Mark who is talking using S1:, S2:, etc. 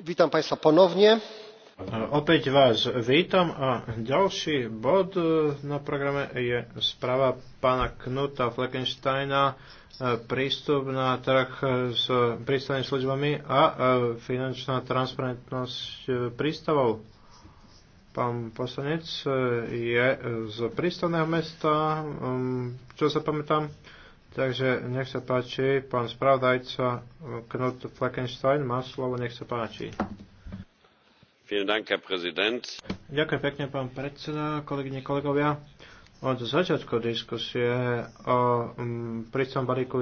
S1: Vítam państwa ponownie. E,
S2: opäť vás vítam a ďalší bod e, na programe je správa pána Knuta Fleckensteina e, prístup na trh s prístavnými službami a finančná transparentnosť prístavov. Pán poslanec je z prístavného mesta, čo sa pamätám, Takže nech sa páči, pán spravodajca Knut Fleckenstein má slovo, nech sa páči. Ďakujem pekne, pán predseda, kolegyne, kolegovia. Od začiatku diskusie o um,
S3: mm, prícom balíku